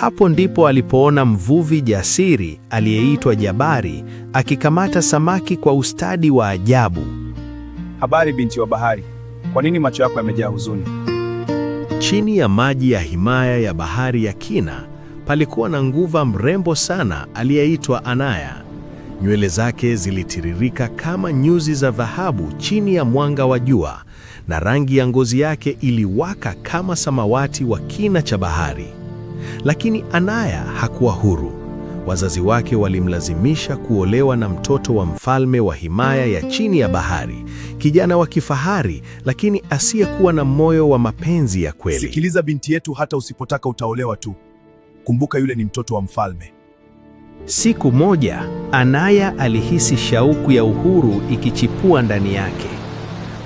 Hapo ndipo alipoona mvuvi jasiri aliyeitwa Jabari akikamata samaki kwa ustadi wa ajabu. Habari binti wa bahari, kwa nini macho yako yamejaa huzuni? Chini ya maji ya himaya ya bahari ya kina palikuwa na nguva mrembo sana aliyeitwa Anaya. Nywele zake zilitiririka kama nyuzi za dhahabu chini ya mwanga wa jua, na rangi ya ngozi yake iliwaka kama samawati wa kina cha bahari. Lakini Anaya hakuwa huru. Wazazi wake walimlazimisha kuolewa na mtoto wa mfalme wa himaya ya chini ya bahari, kijana wa kifahari lakini asiyekuwa na moyo wa mapenzi ya kweli. Sikiliza binti yetu, hata usipotaka utaolewa tu. Kumbuka yule ni mtoto wa mfalme. Siku moja, Anaya alihisi shauku ya uhuru ikichipua ndani yake.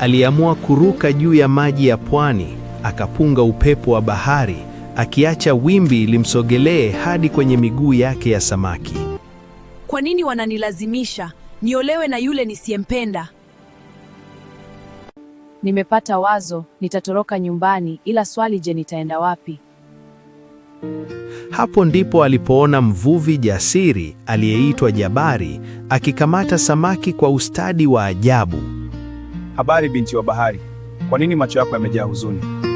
Aliamua kuruka juu ya maji ya pwani, akapunga upepo wa bahari akiacha wimbi limsogelee hadi kwenye miguu yake ya samaki. Kwa nini wananilazimisha niolewe na yule nisiyempenda? Nimepata wazo, nitatoroka nyumbani, ila swali, je, nitaenda wapi? Hapo ndipo alipoona mvuvi jasiri aliyeitwa Jabari akikamata samaki kwa ustadi wa ajabu. Habari binti wa bahari, kwa nini macho yako yamejaa huzuni?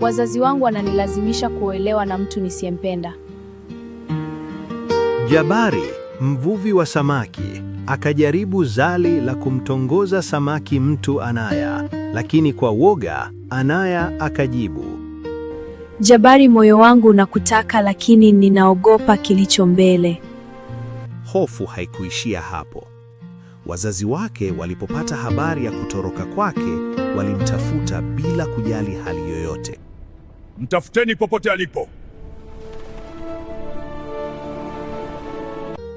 Wazazi wangu wananilazimisha kuolewa na mtu nisiyempenda. Jabari, mvuvi wa samaki, akajaribu zali la kumtongoza samaki mtu Anaya, lakini kwa woga Anaya akajibu, Jabari, moyo wangu unakutaka, lakini ninaogopa kilicho mbele. Hofu haikuishia hapo. Wazazi wake walipopata habari ya kutoroka kwake, walimtafuta bila kujali hali yoyote. Mtafuteni popote alipo.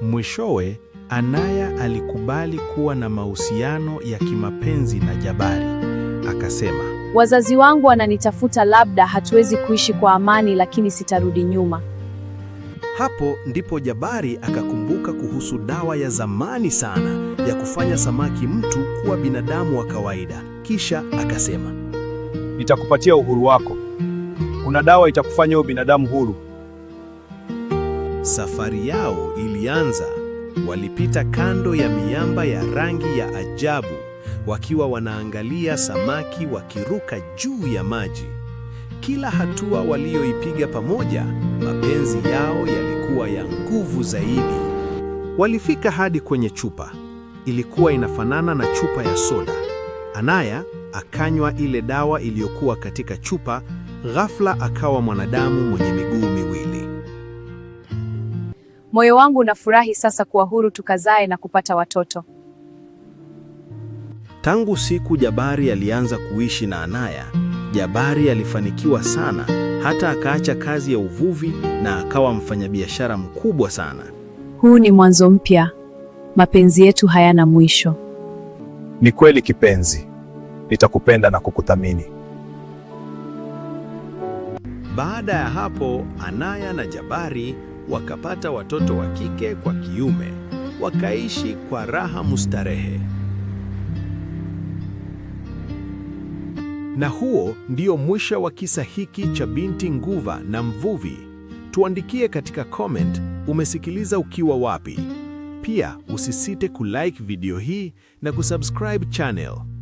Mwishowe, Anaya alikubali kuwa na mahusiano ya kimapenzi na Jabari. Akasema, wazazi wangu wananitafuta, labda hatuwezi kuishi kwa amani, lakini sitarudi nyuma. Hapo ndipo Jabari akakumbuka kuhusu dawa ya zamani sana ya kufanya samaki mtu kuwa binadamu wa kawaida. Kisha akasema, nitakupatia uhuru wako kuna dawa itakufanya wewe binadamu huru. Safari yao ilianza, walipita kando ya miamba ya rangi ya ajabu, wakiwa wanaangalia samaki wakiruka juu ya maji. Kila hatua walioipiga pamoja, mapenzi yao yalikuwa ya nguvu zaidi. Walifika hadi kwenye chupa, ilikuwa inafanana na chupa ya soda. Anaya akanywa ile dawa iliyokuwa katika chupa ghafla akawa mwanadamu mwenye miguu miwili. Moyo wangu unafurahi sasa kuwa huru tukazae na kupata watoto. Tangu siku Jabari alianza kuishi na Anaya, Jabari alifanikiwa sana hata akaacha kazi ya uvuvi na akawa mfanyabiashara mkubwa sana. Huu ni mwanzo mpya. Mapenzi yetu hayana mwisho. Ni kweli kipenzi. Nitakupenda na kukuthamini. Baada ya hapo, Anaya na Jabari wakapata watoto wa kike kwa kiume, wakaishi kwa raha mustarehe. Na huo ndio mwisho wa kisa hiki cha binti nguva na mvuvi. Tuandikie katika comment umesikiliza ukiwa wapi. Pia usisite kulike video hii na kusubscribe channel.